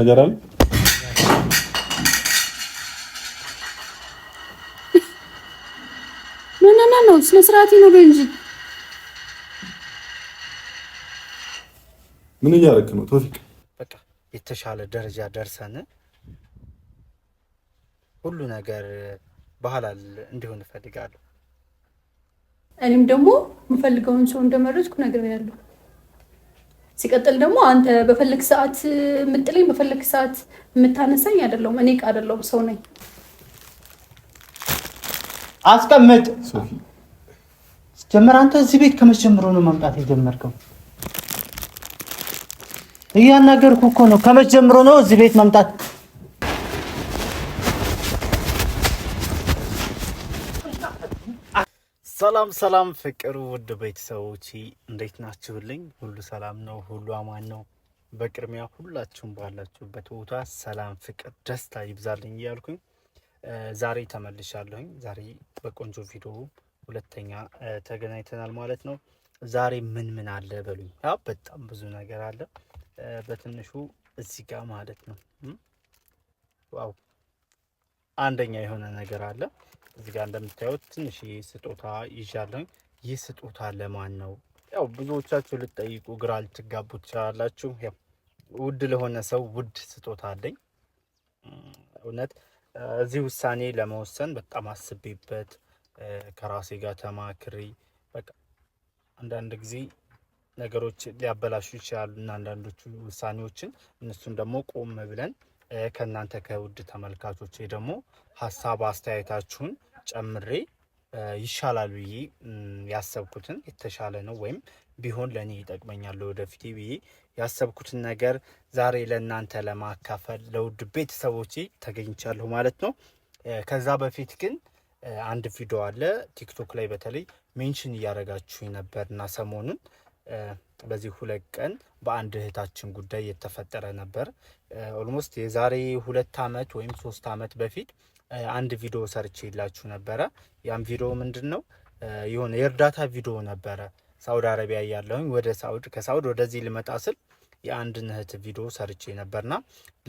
ነገር አለ ነው ስነ ስርዓት ይኖር እንጂ ምን እያደረክ ነው ቶፊቅ? በቃ የተሻለ ደረጃ ደርሰን ሁሉ ነገር ባህላል እንዲሆን እፈልጋለሁ። እኔም ደግሞ የምፈልገውን ሰው እንደመረጥኩ ነግሬያለሁ። ሲቀጥል ደግሞ አንተ በፈለግ ሰዓት የምጥለኝ በፈለግ ሰዓት የምታነሳኝ አይደለሁም። እኔ አይደለሁም ሰው ነኝ። አስቀምጥ። ጀመር አንተ እዚህ ቤት ከመቼ ነው መምጣት የጀመርከው? እያናገርኩ እኮ ነው። ከመቼ ነው እዚህ ቤት መምጣት ሰላም ሰላም ፍቅር ውድ ቤተሰቦች እንዴት ናችሁልኝ? ሁሉ ሰላም ነው፣ ሁሉ አማን ነው። በቅድሚያ ሁላችሁም ባላችሁበት ቦታ ሰላም፣ ፍቅር፣ ደስታ ይብዛልኝ እያልኩኝ ዛሬ ተመልሻለሁኝ። ዛሬ በቆንጆ ቪዲዮ ሁለተኛ ተገናኝተናል ማለት ነው። ዛሬ ምን ምን አለ በሉኝ። ያው በጣም ብዙ ነገር አለ። በትንሹ እዚህ ጋር ማለት ነው። ዋው አንደኛ የሆነ ነገር አለ እዚህ ጋር እንደምታዩት ትንሽ ስጦታ ይዣለኝ ይህ ስጦታ ለማን ነው? ያው ብዙዎቻችሁ ልትጠይቁ ግራ ልትጋቡ ትችላላችሁ። ያው ውድ ለሆነ ሰው ውድ ስጦታ አለኝ። እውነት እዚህ ውሳኔ ለመወሰን በጣም አስቤበት ከራሴ ጋር ተማክሪ። በቃ አንዳንድ ጊዜ ነገሮች ሊያበላሹ ይችላሉ እና አንዳንዶቹ ውሳኔዎችን እነሱን ደግሞ ቆም ብለን ከእናንተ ከውድ ተመልካቾች ደግሞ ሀሳብ አስተያየታችሁን ጨምሬ ይሻላል ብዬ ያሰብኩትን የተሻለ ነው ወይም ቢሆን ለእኔ ይጠቅመኛል ወደፊት ብዬ ያሰብኩትን ነገር ዛሬ ለእናንተ ለማካፈል ለውድ ቤተሰቦች ተገኝቻለሁ ማለት ነው። ከዛ በፊት ግን አንድ ቪዲዮ አለ ቲክቶክ ላይ በተለይ ሜንሽን እያደረጋችሁ ነበርና ሰሞኑን በዚህ ሁለት ቀን በአንድ እህታችን ጉዳይ የተፈጠረ ነበር። ኦልሞስት የዛሬ ሁለት ዓመት ወይም ሶስት አመት በፊት አንድ ቪዲዮ ሰርች ይላችሁ ነበረ። ያም ቪዲዮ ምንድን ነው የሆነ የእርዳታ ቪዲዮ ነበረ። ሳውዲ አረቢያ እያለሁኝ ወደ ሳውድ ከሳውድ ወደዚህ ልመጣ ስል የአንድን እህት ቪዲዮ ሰርቼ ነበርና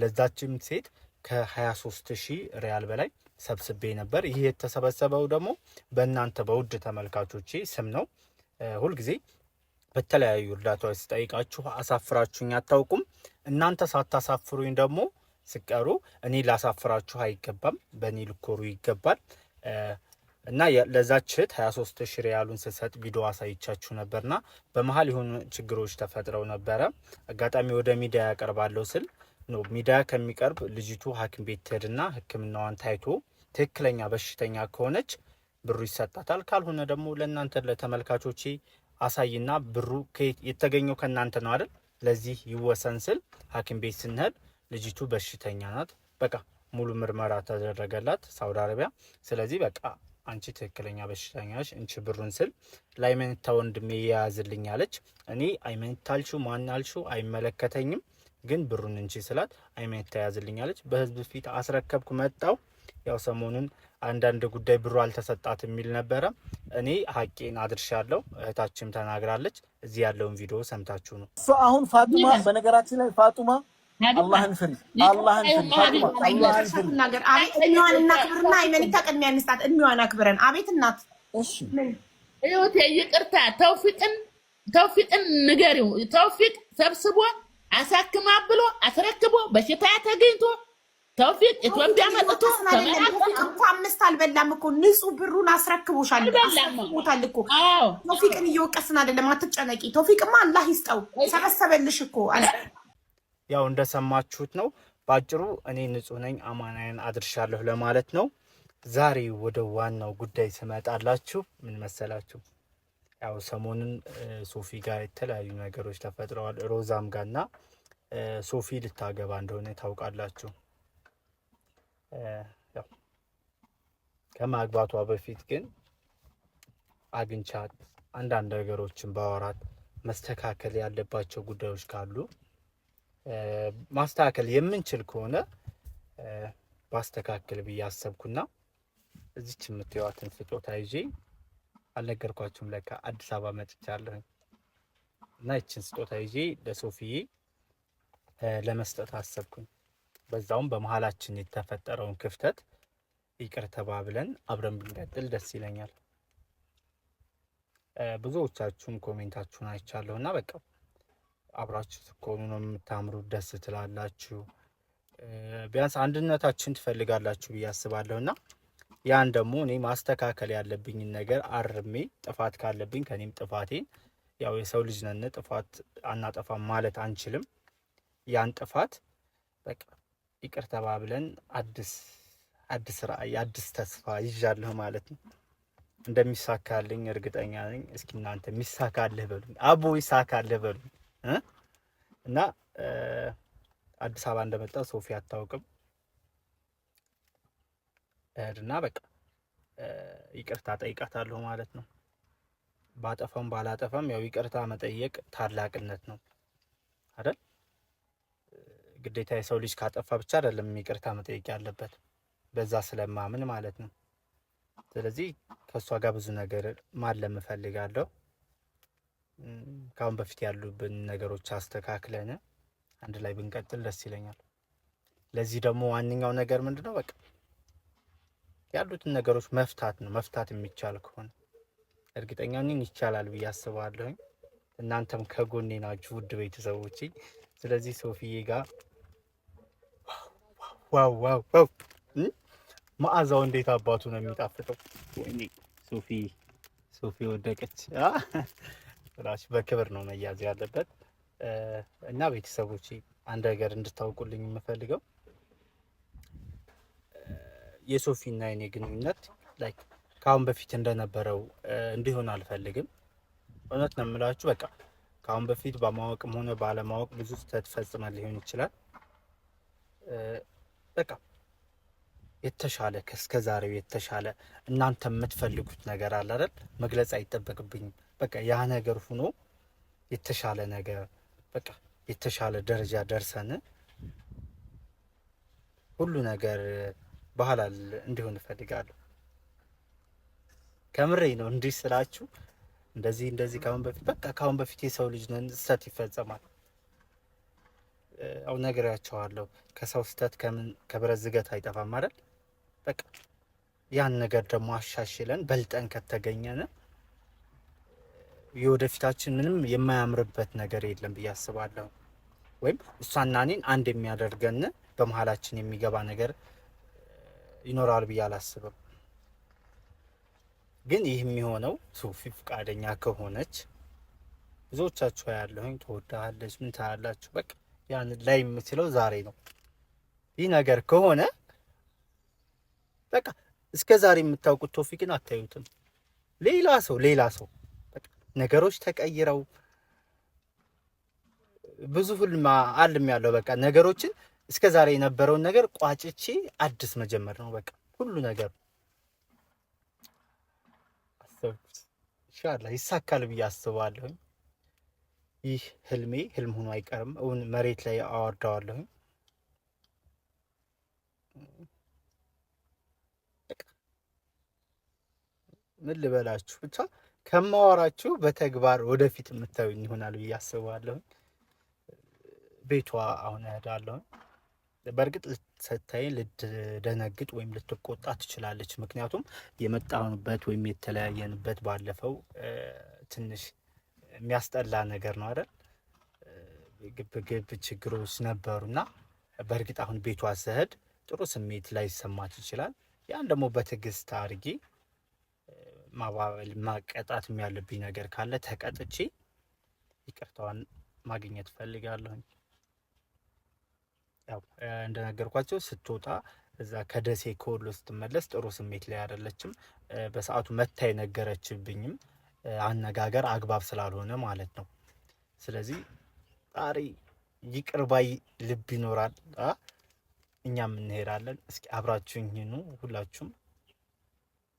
ለዛችም ሴት ከ23 ሺህ ሪያል በላይ ሰብስቤ ነበር። ይህ የተሰበሰበው ደግሞ በእናንተ በውድ ተመልካቾቼ ስም ነው ሁልጊዜ በተለያዩ እርዳታዎች ስጠይቃችሁ አሳፍራችሁኝ አታውቁም። እናንተ ሳታሳፍሩኝ ደግሞ ስቀሩ እኔ ላሳፍራችሁ አይገባም። በእኔ ልኮሩ ይገባል እና ለዛች እህት 23 ሺህ ሪያሉን ስሰጥ ቪዲዮ አሳይቻችሁ ነበርና በመሀል የሆኑ ችግሮች ተፈጥረው ነበረ። አጋጣሚ ወደ ሚዲያ ያቀርባለሁ ስል ሚዲያ ከሚቀርብ ልጅቱ ሐኪም ቤት ትሄድና ሕክምናዋን ታይቶ ትክክለኛ በሽተኛ ከሆነች ብሩ ይሰጣታል። ካልሆነ ደግሞ ለእናንተ ለተመልካቾቼ አሳይና ብሩ የተገኘው ከእናንተ ነው አይደል? ለዚህ ይወሰን ስል ሐኪም ቤት ስንሄድ ልጅቱ በሽተኛ ናት፣ በቃ ሙሉ ምርመራ ተደረገላት ሳውዲ አረቢያ። ስለዚህ በቃ አንቺ ትክክለኛ በሽተኛ በሽተኛሽ እንቺ ብሩን ስል ለአይመንታ ወንድሜ የያዝልኝ አለች። እኔ አይመንታ አልሹ ማን አልሹ አይመለከተኝም፣ ግን ብሩን እንቺ ስላት አይመንታ ያዝልኝ አለች። በህዝብ ፊት አስረከብኩ መጣው ያው ሰሞኑን አንዳንድ ጉዳይ ብሩ አልተሰጣት የሚል ነበረ። እኔ ሀቄን አድርሻለሁ፣ እህታችም ተናግራለች። እዚህ ያለውን ቪዲዮ ሰምታችሁ ነው እሱ አሁን ፋጡማ። በነገራችን ላይ ፋጡማ አላህን ፍሪ፣ አላህን ፍሪ፣ እናክብርና ቅድሚያ እንስጣት። አክብረን አቤት እናት ይቅርታ ተውፊቅን ተውፊቅን ንገሪው። ተውፊቅ ሰብስቦ አሳክማ ብሎ አስረክቦ በሽታ ተገኝቶ ተውፊቅ ኢትዮጵያ መጥቶ አምስት አልበላም እኮ ንጹህ ብሩን አስረክቦሻል። አስረክቦታል እኮ ተውፊቅን እየወቀስን አይደለም። አትጨነቂ። ተውፊቅማ አላህ ይስጠው ሰበሰበልሽ እኮ። ያው እንደሰማችሁት ነው በአጭሩ። እኔ ንጹህ ነኝ አማናዬን አድርሻለሁ ለማለት ነው። ዛሬ ወደ ዋናው ጉዳይ ስመጣላችሁ ምን መሰላችሁ? ያው ሰሞኑን ሶፊ ጋር የተለያዩ ነገሮች ተፈጥረዋል። ሮዛም ጋርና ሶፊ ልታገባ እንደሆነ ታውቃላችሁ። ከማግባቷ በፊት ግን አግኝቻት አንዳንድ ነገሮችን ባወራት መስተካከል ያለባቸው ጉዳዮች ካሉ ማስተካከል የምንችል ከሆነ ባስተካከል ብዬ አሰብኩና እዚች የምትዋትን ስጦታ ይዤ አልነገርኳችሁም፣ ለካ አዲስ አበባ መጥቻለሁ እና ይችን ስጦታ ይዤ ለሶፊዬ ለመስጠት አሰብኩኝ። በዛውም በመሀላችን የተፈጠረውን ክፍተት ይቅር ተባብለን አብረን ብንቀጥል ደስ ይለኛል። ብዙዎቻችሁም ኮሜንታችሁን አይቻለሁ እና በቃ አብራችሁ ስትሆኑ ነው የምታምሩት፣ ደስ ትላላችሁ። ቢያንስ አንድነታችን ትፈልጋላችሁ ብዬ አስባለሁ እና ያን ደግሞ እኔ ማስተካከል ያለብኝን ነገር አርሜ ጥፋት ካለብኝ ከኔም ጥፋቴን ያው የሰው ልጅ ነን፣ ጥፋት አናጠፋም ማለት አንችልም። ያን ጥፋት በቃ ይቅር ተባብለን አዲስ አዲስ ራዕይ አዲስ ተስፋ ይዣለሁ ማለት ነው። እንደሚሳካልኝ እርግጠኛ ነኝ። እስኪ እናንተ የሚሳካልህ በሉኝ፣ አቦ ይሳካልህ በሉኝ እና አዲስ አበባ እንደመጣው ሶፊ አታውቅም እና በቃ ይቅርታ ጠይቃታለሁ ማለት ነው። ባጠፋም ባላጠፋም ያው ይቅርታ መጠየቅ ታላቅነት ነው አይደል? ግዴታ የሰው ልጅ ካጠፋ ብቻ አይደለም ይቅርታ መጠየቅ ያለበት፣ በዛ ስለማምን ማለት ነው። ስለዚህ ከእሷ ጋር ብዙ ነገር ማለም እፈልጋለሁ። ከአሁን በፊት ያሉብን ነገሮች አስተካክለን አንድ ላይ ብንቀጥል ደስ ይለኛል። ለዚህ ደግሞ ዋነኛው ነገር ምንድን ነው? በቃ ያሉትን ነገሮች መፍታት ነው። መፍታት የሚቻል ከሆነ እርግጠኛ ነኝ ይቻላል ብዬ አስባለሁኝ። እናንተም ከጎኔ ናችሁ ውድ ቤተሰቦች። ስለዚህ ሶፊዬ ጋር ዋው ዋው ዋው! መዓዛው እንዴት አባቱ ነው የሚጣፍጠው! ወይኔ ሶፊ ሶፊ ወደቀች። በክብር ነው መያዝ ያለበት። እና ቤተሰቦች አንድ ነገር እንድታውቁልኝ የምፈልገው የሶፊ እና የኔ ግንኙነት ላይክ ከአሁን በፊት እንደነበረው እንዲሆን አልፈልግም። እውነት ነው የምላችሁ። በቃ ከአሁን በፊት በማወቅም ሆነ ባለማወቅ ብዙ ስህተት ፈጽመን ሊሆን ይችላል በቃ የተሻለ ከእስከ ዛሬው የተሻለ እናንተ የምትፈልጉት ነገር አለ አይደል? መግለጽ አይጠበቅብኝም። በቃ ያ ነገር ሁኖ የተሻለ ነገር በቃ የተሻለ ደረጃ ደርሰን ሁሉ ነገር ባህላል እንዲሆን እፈልጋለሁ። ከምሬ ነው እንዲህ ስላችሁ እንደዚህ እንደዚህ ካሁን በፊት በቃ ካሁን በፊት የሰው ልጅ ነን ስህተት ይፈጸማል። ያው ነግሬያቸዋለሁ። ከሰው ስህተት ከምን ከብረት ዝገት አይጠፋም አይደል? በቃ ያን ነገር ደግሞ አሻሽለን በልጠን ከተገኘን የወደፊታችን ምንም የማያምርበት ነገር የለም ብዬ አስባለሁ። ወይም እሷና እኔን አንድ የሚያደርገን በመሀላችን የሚገባ ነገር ይኖራል ብዬ አላስብም። ግን ይህ የሚሆነው ሱፊ ፈቃደኛ ከሆነች ብዙዎቻችሁ ያለሁኝ ትወዳለች፣ ምን ታያላችሁ በቃ ያን ላይ የምችለው ዛሬ ነው። ይህ ነገር ከሆነ በቃ እስከ ዛሬ የምታውቁት ቶፊቅን አታዩትም። ሌላ ሰው ሌላ ሰው ነገሮች ተቀይረው ብዙ ህልም አልም ያለው በቃ ነገሮችን እስከ ዛሬ የነበረውን ነገር ቋጭቼ አዲስ መጀመር ነው። በቃ ሁሉ ነገር አሰብኩት። ኢንሻላህ ይሳካል ብዬ አስባለሁኝ። ይህ ህልሜ ህልም ሆኖ አይቀርም። እውን መሬት ላይ አወርደዋለሁ። ምን ልበላችሁ ብቻ ከማወራችሁ በተግባር ወደፊት የምታዩኝ ይሆናል ብዬ አስባለሁኝ። ቤቷ አሁን እሄዳለሁኝ። በእርግጥ ልትሰታይ ልትደነግጥ ወይም ልትቆጣ ትችላለች። ምክንያቱም የመጣንበት ወይም የተለያየንበት ባለፈው ትንሽ የሚያስጠላ ነገር ነው አይደል? ግብግብ ችግሮች ነበሩና በእርግጥ አሁን ቤቷ ስሄድ ጥሩ ስሜት ላይ ይሰማት ይችላል። ያን ደግሞ በትዕግስት አድርጌ ማባበል ማቀጣት ያለብኝ ነገር ካለ ተቀጥቼ ይቅርታዋን ማግኘት ፈልጋለሁኝ። ያው እንደነገርኳቸው ስትወጣ እዛ ከደሴ ከወሎ ስትመለስ ጥሩ ስሜት ላይ አይደለችም። በሰዓቱ መታ የነገረችብኝም አነጋገር አግባብ ስላልሆነ ማለት ነው። ስለዚህ ጣሪ ይቅርባይ ልብ ይኖራል። እኛም እንሄዳለን። እስኪ አብራችሁ ይህኑ ሁላችሁም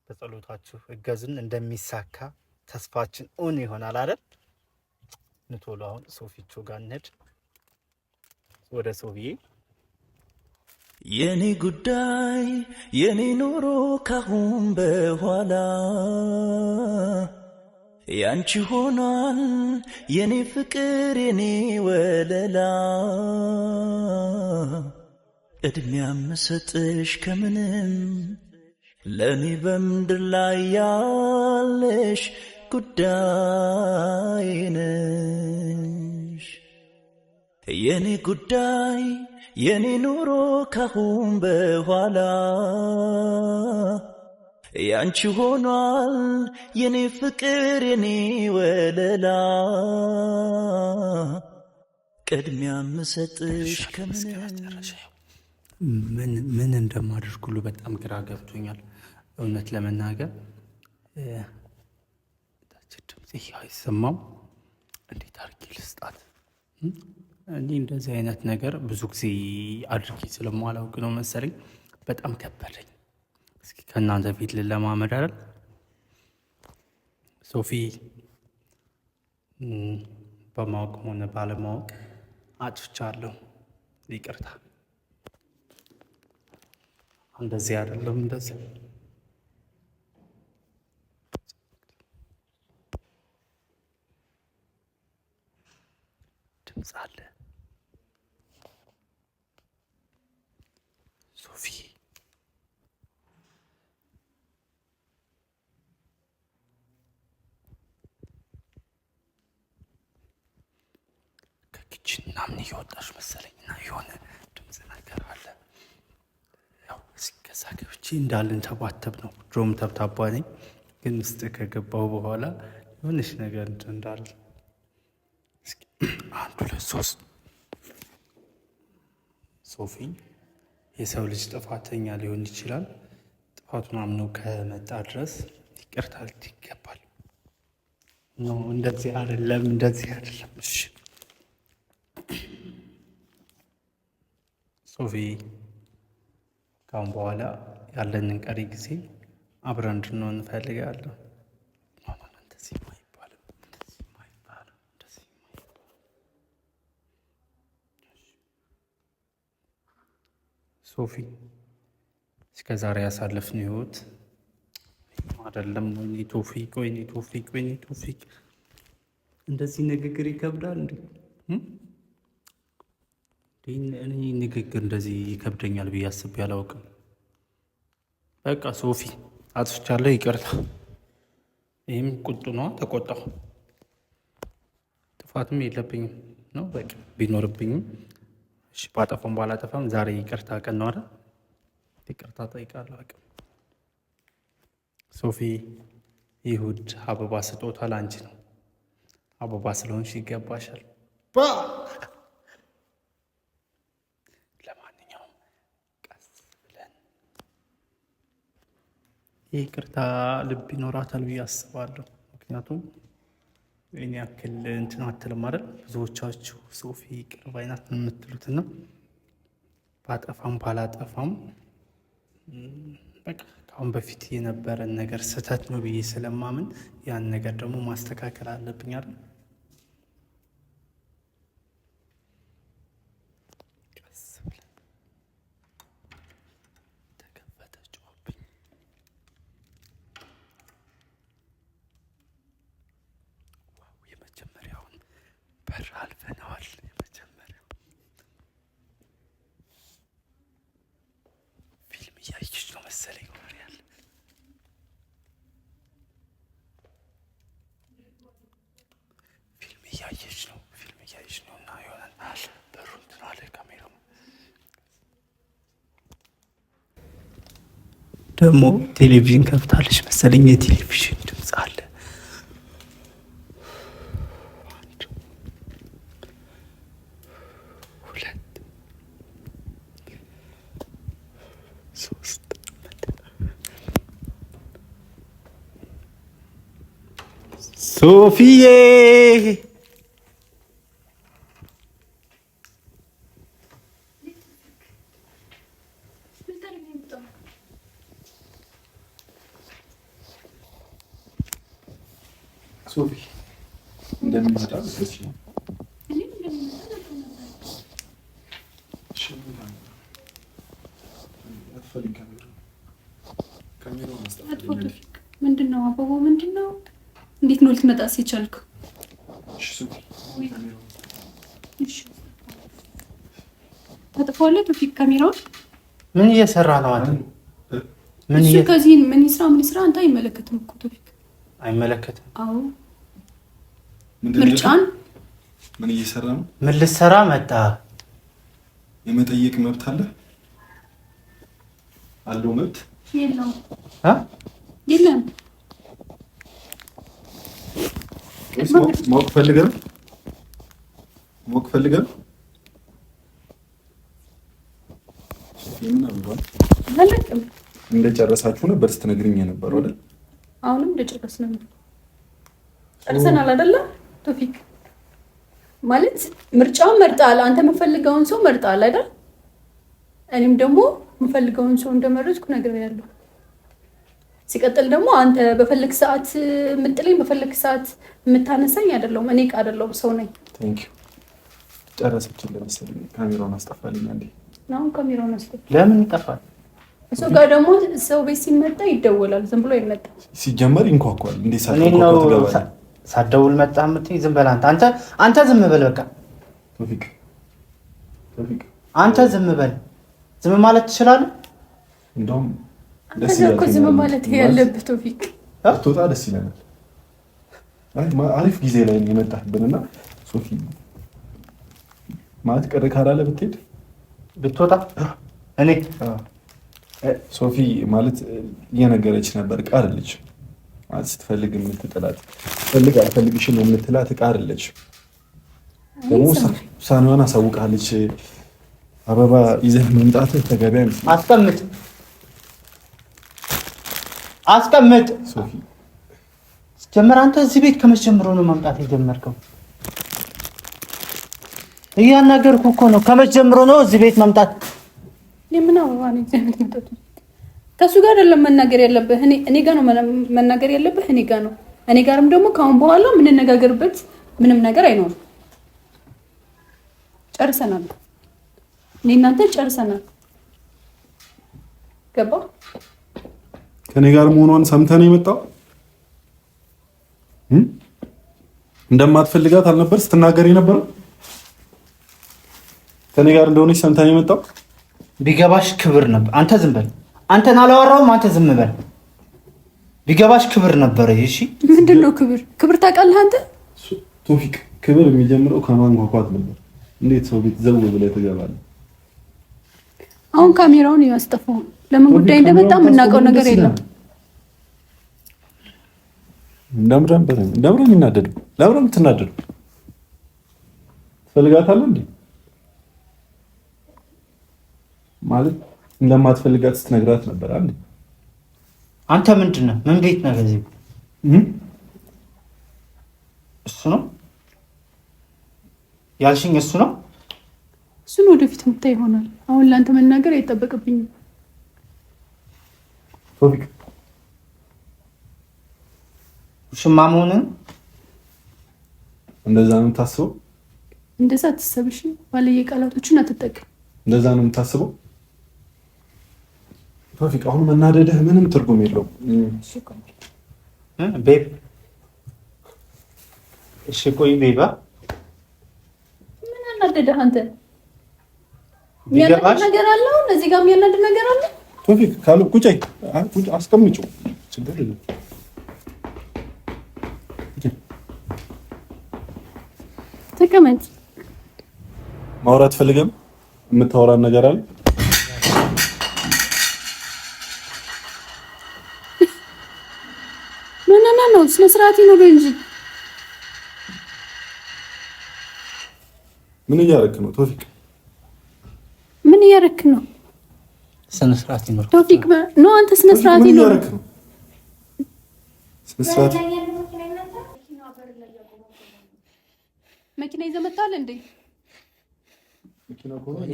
በጸሎታችሁ እገዝን። እንደሚሳካ ተስፋችን እውን ይሆናል አይደል? ንቶሎ አሁን ሶፊቾ ጋር እንሄድ። ወደ ሶብዬ የኔ ጉዳይ የኔ ኑሮ ካሁን በኋላ ያንቺ ሆኗል የኔ ፍቅር የኔ ወለላ ቅድሚያ ምሰጥሽ ከምንም ለእኔ በምድር ላይ ያለሽ ጉዳይ ነሽ የኔ ጉዳይ የኔ ኑሮ ካሁን በኋላ ያንቺ ሆኗል የኔ ፍቅር የኔ ወለላ ቅድሚያ ምሰጥሽ ከምን ምን እንደማደርግ ሁሉ በጣም ግራ ገብቶኛል። እውነት ለመናገር ታች ድምፅ አይሰማም። እንዴት አድርጌ ልስጣት? እኔ እንደዚህ አይነት ነገር ብዙ ጊዜ አድርጌ ስለማላውቅ ነው መሰለኝ በጣም ከበደኝ። እስኪ ከእናንተ ፊት ልለማመድ አይደል? ሶፊ በማወቅ ሆነ ባለማወቅ አጥፍቻለሁ፣ ይቅርታ። እንደዚህ አይደለም እንደዚህ ድምፅ አለ ኪችን ምናምን እየወጣሽ መሰለኝ እና የሆነ ድምፅ ነገር አለ። ያው ከዛ ገብቼ እንዳልን ተቧተብ ነው ድሮም ተብታቧ ነኝ፣ ግን ውስጥ በኋላ የሆነች ነገር እንዳለ አንድ ሁለት ሶስት ሶፊ የሰው ልጅ ጥፋተኛ ሊሆን ይችላል። ጥፋቱን አምኖ ከመጣ ድረስ ይቅርታ ልት ይገባል። እንደዚህ አይደለም፣ እንደዚህ አይደለም። እሺ ሶፊ ካሁን በኋላ ያለንን ቀሪ ጊዜ አብረን እንድንሆን እንፈልጋለን ሶፊ እስከ ዛሬ ያሳለፍን ህይወት አይደለም። ወይኔ ቶፊቅ፣ ወይኔ ቶፊቅ፣ ወይኔ ቶፊቅ። እንደዚህ ንግግር ይከብዳል እንዴ? ግን እኔ ንግግር እንደዚህ ይከብደኛል ብዬ አስቤ አላውቅም። በቃ ሶፊ አጥፍቻለሁ፣ ይቅርታ። ይህም ቁጡ ነዋ፣ ተቆጣሁ። ጥፋትም የለብኝም ነው በቃ ቢኖርብኝም እሺ፣ ባጠፋም ባላጠፋም ዛሬ ይቅርታ ቀን ነው አይደል? ይቅርታ ጠይቃለሁ። አቅም ሶፊ፣ ይሁድ አበባ ስጦታ ላንቺ ነው። አበባ ስለሆንሽ ይገባሻል። ይቅርታ ልብ ይኖራታል ብዬ አስባለሁ። ምክንያቱም እኔ ያክል እንትን አትልም አይደል? ብዙዎቻችሁ ሶፊ ይቅር ባይናት የምትሉትና ባጠፋም ባላጠፋም በቃ ከአሁን በፊት የነበረን ነገር ስህተት ነው ብዬ ስለማምን ያን ነገር ደግሞ ማስተካከል አለብኝ አይደል? መሰለኝ ሆኖሪያል። ፊልም እያየች ነው፣ ፊልም እያየች ነው እና ይሆናል በሩ እንትን አለ ካሜራው ደግሞ ቴሌቪዥን ከፍታለች መሰለኝ የቴሌቪዥን ሶፊዬ ሶፊ እንደሚመጣ ነው ልትመጣ ሲቻልክ? ተጥፎለ ቶፊቅ ካሜራውን ምን እየሰራ ነው አንተ? ምን ከዚህ ምን ይስራ ምን ይስራ አንተ አይመለከትም እኮ ቶፊቅ፣ አይመለከትም። አዎ ምርጫን ምን እየሰራ ነው? ምን ልትሰራ መጣ? የመጠየቅ መብት አለ አለው? መብት የለውም። የለም ማወቅ ፈልገህ ነው? ማወቅ እንደጨረሳችሁ ነበር የነበረው አይደል? አሁንም እንደጨረስን ነው። ጨርሰናል አይደለ? ቶፊክ ማለት ምርጫውን መርጣል። አንተ የምፈልገውን ሰው መርጣል አይደል? እኔም ደግሞ የምፈልገውን ሰው እንደመረጥኩ ነግሬያለሁ። ሲቀጥል ደግሞ አንተ በፈለግ ሰዓት የምጥለኝ በፈለግ ሰዓት የምታነሳኝ አይደለሁም። እኔ ዕቃ አይደለሁም፣ ሰው ነኝ። ጨረሰችን ለመሰለኝ ካሜራውን አስጠፋልኛ። አንዴ አሁን ካሜራውን አስጠፋ። ለምን ይጠፋል? እሱ ጋር ደግሞ ሰው ቤት ሲመጣ ይደወላል፣ ዝም ብሎ ይመጣ ሲጀመር ይንኳኳል። እንዴ ሳደውል መጣ የምትይ ዝም በል አንተ አንተ አንተ ዝም በል በቃ ቶፊቅ አንተ ዝም በል። ዝም ማለት ትችላለህ እንደውም ዝም ማለት ያለብህ ቶፊቅ ትወጣ ደስ ይለናል። አሪፍ ጊዜ ላይ የመጣህብን እና ሶፊ ማለት ቅር ካላለ ብትሄድ ብትወጣ እኔ ሶፊ ማለት እየነገረች ነበር። እቃ ማለት ስትፈልግ የምትጥላት ፈልግ አልፈልግሽም የምትላት እቃ ደግሞ ውሳኔዋን አሳውቃለች። አበባ ይዘህ መምጣትህ ተገቢያ አስቀምጥ አስቀምጥ። ጀመር አንተ እዚህ ቤት ከመጀመሩ ነው መምጣት የጀመርከው? እያናገርኩ እኮ ነው። ከመጀመሩ ነው እዚህ ቤት መምጣት? ለምን አበባ ነው እዚህ ቤት መምጣት? ከሱ ጋር አይደለም መናገር ያለብህ፣ እኔ ጋር ነው መናገር ያለብህ። እኔ ጋር ነው። እኔ ጋርም ደግሞ ከአሁን በኋላ የምንነጋገርበት ምንም ነገር አይኖርም። ጨርሰናል። እኔ እናንተ ጨርሰናል። ገባ ከኔ ጋር መሆኗን ሰምተን የመጣው? እንደማትፈልጋት አልነበር ስትናገር የነበረው? ከኔ ጋር እንደሆነች ሰምተን የመጣው? ቢገባሽ ክብር ነበር። አንተ ዝም በል። አንተን አላወራሁም። አንተ ዝም በል። ቢገባሽ ክብር ነበረ። እሺ፣ ምንድን ነው ክብር? ክብር ታውቃለህ አንተ ቶፊቅ። ክብር የሚጀምረው ከማንኳኳት ነበር። እንዴት ሰው ቤት ዘው ብለህ ትገባለህ? አሁን ካሜራውን ያስጠፋው ለምን ጉዳይ እንደመጣ የምናውቀው ነገር የለም። እንደምረን በረኝ እንደምረን ይናደዱ ለምረን የምትናደዱ ትፈልጋታለህ እንዴ? ማለት እንደማትፈልጋት ስትነግራት ነበር። አንዴ አንተ ምንድን ነህ? ምን ቤት ነህ? ከዚህ እሱ ነው ያልሽኝ? እሱ ነው እሱን ወደፊት ምታ ይሆናል። አሁን ለአንተ መናገር አይጠበቅብኝም ቶፊክ ውሽማ መሆንህን እንደዛ ነው የምታስበው? እንደዛ አትሰብሽ። ባለየ ቃላቶችን አትጠቅም። እንደዛ ነው የምታስበው? ቶፊቅ አሁን መናደድህ ምንም ትርጉም የለው። ቤብ እሺ፣ ቆይ ቤባ፣ ምን አናደደህ አንተ? የሚያናድድ ነገር አለ እዚህ ጋር የሚያናድድ ነገር አለ። ቶፊቅ ካሉ ቁጭ አስቀምጪው፣ ችግር የለም ተቀመጥ። ማውራት ፈልገም የምታወራን ነገር አለ? ምን ነው ስነ ስርዓት ይኖር እንጂ ምን እያደረክ ነው ቶፊቅ? ምን እያደረክ ነው? ስነ ስርዓት ይኖር ቶፊቅ። አንተ ስነ ስርዓት ይኖር መኪና ይዘህ መጣል እንዴ? መኪና ከሆነ እኔ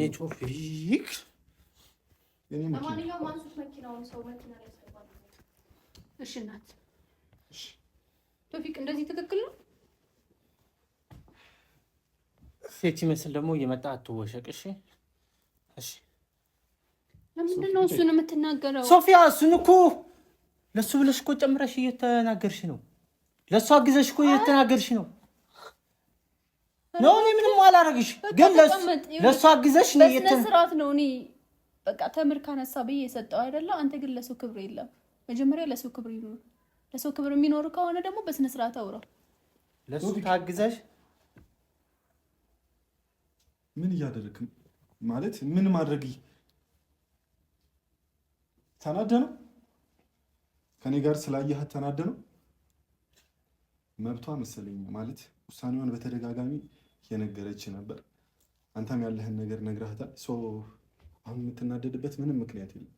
እሺ፣ እናት ቶፊቅ እንደዚህ ትክክል ነው። ሴት ይመስል ደግሞ እየመጣ አትወሸቅ። እሺ፣ እሺ። ለምንድን ነው እሱን የምትናገረው ሶፊያ? እሱን እኮ ለሱ ብለሽ እኮ ጨምረሽ እየተናገርሽ ነው። ለሱ አግዘሽ እኮ እየተናገርሽ ነው። ነው እኔ ምንም አላረግሽ፣ ግን ለእሱ አግዘሽ በስነ ስርዓት ነው እኔ በቃ ተምር ካነሳ ብዬ የሰጠው አይደለ። አንተ ግን ለሰው ክብር የለም። መጀመሪያ ለሰው ክብር ይኖር። ለሰው ክብር የሚኖር ከሆነ ደግሞ በስነ ስርዓት አውራው። ለሱ ታግዘሽ ምን እያደረግክ ማለት ምን ማድረግ ተናደ ነው ከኔ ጋር ስላየህ ተናደ ነው መብቷ መሰለኝ ማለት ውሳኔዋን በተደጋጋሚ የነገረች ነበር። አንተም ያለህን ነገር ነግረሃታል። አሁን የምትናደድበት ምንም ምክንያት የለም።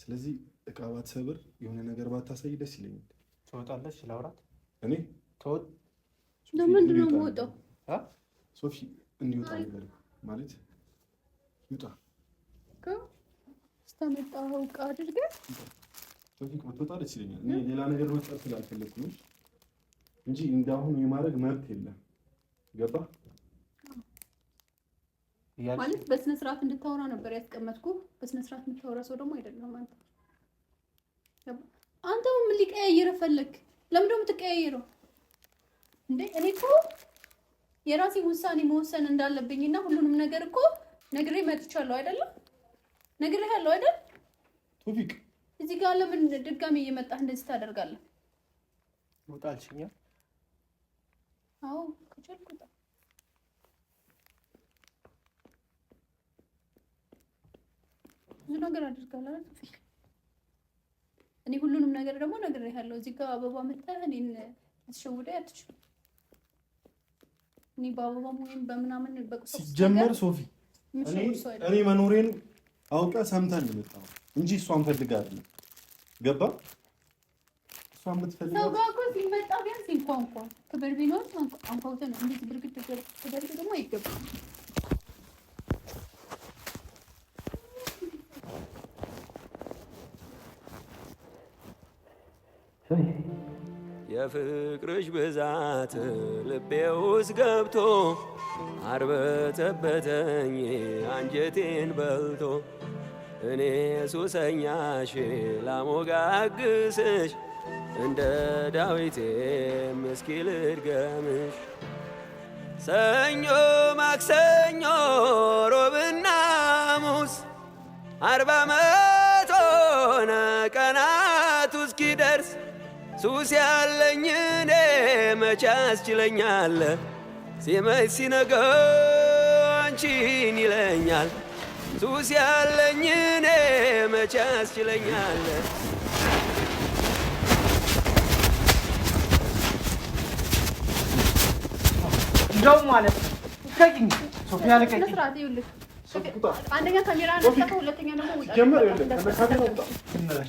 ስለዚህ እቃ ባትሰብር፣ የሆነ ነገር ባታሳይ ደስ ይለኛል። ትወጣለች ላውራት እኔ ለምንድን የምወጣው? ሶፊ እንዲወጣ ነገር ማለት ይውጣ ስታመጣኸው እቃ አድርገህ ቶፊቅ ብትወጣ ደስ ይለኛል። እኔ ሌላ ነገር መጣት ስላልፈለግኩ ነው እንጂ እንዳሁኑ የማድረግ መብት የለም። ገባ ማለት በስነ ስርዓት እንድታወራ ነበር ያስቀመጥኩ። በስነ ስርዓት የምታወራ ሰው ደግሞ አይደለም አንተ። አንተ ምን ሊቀያየር ፈለክ? ለምን ደግሞ የምትቀያየረው እንዴ? እኔ እኮ የራሴ ውሳኔ መወሰን እንዳለብኝና ሁሉንም ነገር እኮ ነግሬ መጥቻለሁ አይደለም? ነግሬ ያለው አይደል? ቶፊቅ እዚህ ጋር ለምን ድጋሚ እየመጣህ እንደዚህ ታደርጋለህ? ወጣልሽኛ? አዎ ከቻልኩት ነገር አድርጋለሁ። እኔ ሁሉንም ነገር ደግሞ ነግሬሃለሁ። እዚህ ጋር አበባ መታህ እኔን ልትሸውደኝ አትችልም። እኔ በአበባም ወይም በምናምን ሲጀመር ሶፊ እኔ መኖሬን አውቃ ሰምታ እንደመጣ እንጂ እሷን ፈልጋ አይደለም። ገባ እሷ የምትፈልገው ሰው ጋር እኮ ሲመጣ ቢያንስ እንኳን እንኳን ክብር ቢኖር እንኳን አንኳውተን እንዴት ብርግድ ትደርግ ደግሞ አይገባም። የፍቅርሽ ብዛት ልቤ ውስጥ ገብቶ አርበተበተኝ አንጀቴን በልቶ እኔ ሱሰኛሽ ላሞጋግስሽ እንደ ዳዊቴም እስኪ ልድገምሽ ሰኞ ማክሰኞ ሮብና ሙስ አርባ መቶነ ቀና ሱስ ያለኝ እኔ መቼ ያስችለኛል? ሲመሽ ሲነጋ አንቺን ይለኛል። ሱስ ያለኝ እኔ መቼ ያስችለኛል? እንደውም ማለት ልቀቂኝ፣ ሶፊያ ልቀቂኝ። አንደኛ ካሜራ ሁለተኛ ደግሞ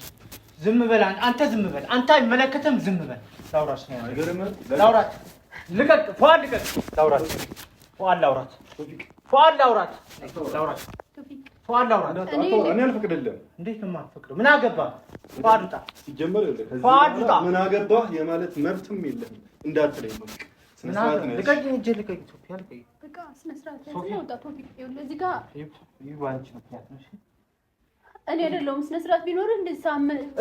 ዝም በል አንተ፣ ዝም በል አንተ፣ አይመለከትም። ዝም በል ላውራት ነው ላውራት፣ ልቀቅ፣ ፏል ልቀቅ፣ ላውራት፣ ፏል ላውራት፣ ፏል ላውራት፣ ላውራት፣ ፏል ላውራት። እኔ አልፈቅድልህም። እንዴት ነው ምን አገባህ? ፏል ውጣ፣ ሲጀመር ፏል ውጣ። ምን አገባህ የማለት መብትም የለህም እንዳትለኝ ነው። ምን አገባህ? ልቀቂኝ፣ እጄን ልቀቂኝ፣ ሶፊያ ልቀቂኝ፣ በቃ ስነ ስርዓት ያዝ። እኔ አይደለሁም ስነ ስርዓት ቢኖር እንደዛ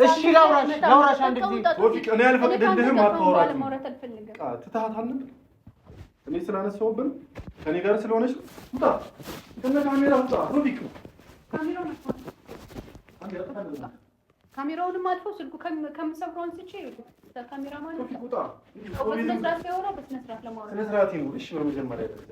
እሺ፣ ላውራሽ ላውራሽ አንድ ጊዜ ወፊቅ እኔ አልፈቅድልህም። አታወራጭ ትተሃት አንብ እኔ ስላነሳሁብን ከኔ ጋር ስለሆነች ውጣ፣ ከነ ካሜራ ውጣ። ወፊቅ ካሜራውንም አልፎ ስልኩ ከምሰብረውን ስቼ ካሜራ ማለት ነው። ውጣ። በስነ ስርዓት ለማውራት ስነ ስርዓት ይኑር። እሺ በመጀመሪያ ደረጃ